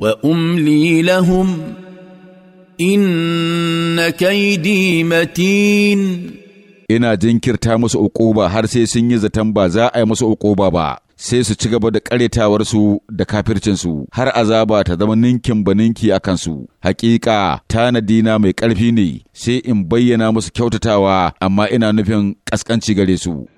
واملي لهم ان كيدي متين ina jinkirta musu uquba har sai sun yi zaton ba za a yi musu uquba ba sai su ci gaba da karetawarsu da kafircinsu har azaba ta zama ninkin ba ninki a kansu hakika tanadina mai ƙarfi ne sai in bayyana musu kyautatawa amma ina nufin ƙasƙanci gare su